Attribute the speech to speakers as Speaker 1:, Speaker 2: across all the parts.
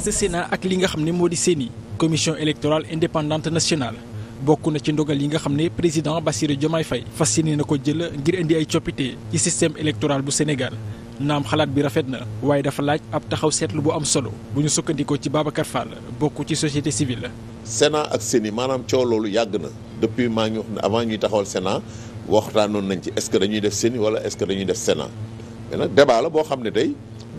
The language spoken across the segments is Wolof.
Speaker 1: sa Sénat ak li nga xam ne moo di CENI commission électorale indépendante nationale bokk na ci ndogal yi nga xam ne président Bassirou Diomaye fay fas yéene na ko jël ngir indi ay coppite ci système électoral bu Sénégal naam xalaat bi rafet na waaye dafa laaj ab taxaw seetlu bu am solo bu ñu sukkandikoo ci Babacar Fall bokk ci société la
Speaker 2: Sénat ak CENI maanaam coow loolu yàgg na depuis maa ngi wax ne avant ñuy taxawal Sénat waxtaanoon nañ ci est ce que dañuy def CENI wala est ce que dañuy def Sénat mais nag boo xam ne tey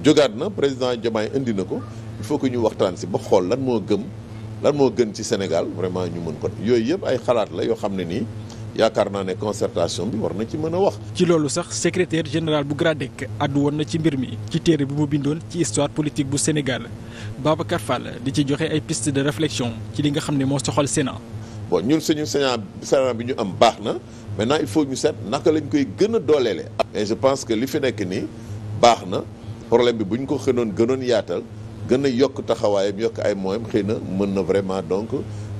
Speaker 2: jógaat na président Diomaye indi na ko il faut que ñu waxtaan si ba xool lan moo gëm lan moo gën ci Sénégal vraiment ñu mën ko yooyu yëpp ay xalaat la yoo xam ne nii yaakaar naa ne concertation bi war na ci mën a wax. ci loolu sax secretaire général
Speaker 1: bu GRADEC àddu woon na ci mbir mi ci téere bi mu bindoon ci histoire politique bu Sénégal Babacar Fall di ci joxe ay piste de réflexion ci li nga xam ne moo soxal Sénat.
Speaker 2: bon ñun suñu Sénat Sénat bi ñu am baax na maintenant il faut ñu set naka lañ koy gën a dooleele. je pense que li fi nekk nii baax na problème bi bu ko xënoon gënoon yaatal. gën a yokk taxawaayam yokk ay moyens xëy na mën na vraiment donc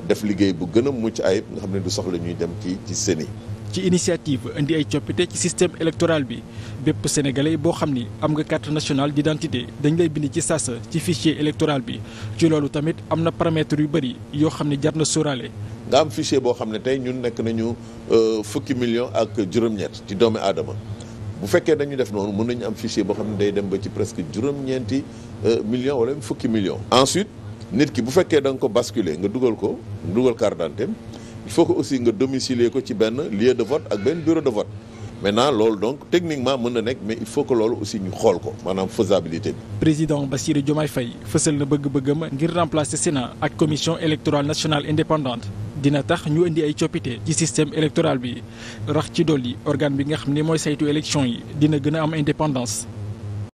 Speaker 2: def liggéey bu gën a mucc ayib nga xam ne du soxla ñuy dem ci ci CENI.
Speaker 1: ci initiative indi ay coppite ci système électoral bi bépp sénégalais boo xam ni am nga carte nationale d'identité dañ lay bind ci sas ci fichier électoral bi
Speaker 2: ci loolu tamit am na paramètres yu bëri yoo xam ne jar na sóoraale. nga am fichier boo xam ne tey ñun nekk nañu euh, fukki millions ak juróom-ñett ci doomi aadama. bu fekkee dañu def noonu mën nañu am fichier boo xam ne day dem ba ci presque juróom-ñeenti euh, million wala fukki million ensuite nit ki bu fekkee da nga ko basculer nga dugal ko dugal carte d'identité il faut que aussi nga domicilier ko ci benn lieu de vote ak benn bureau de vote maintenant lool donc techniquement mën na nekk mais il faut que loolu aussi ñu xool ko maanaam faisabilité bi.
Speaker 1: président Bassirou Diomaye Faye fësal na bëgg ma ngir remplacer Sénat ak commission électorale nationale indépendante. dina tax ñu indi ay coppite ci système électoral bi rax ci dolli organe bi nga xam ni mooy saytu élection yi dina gën a am indépendance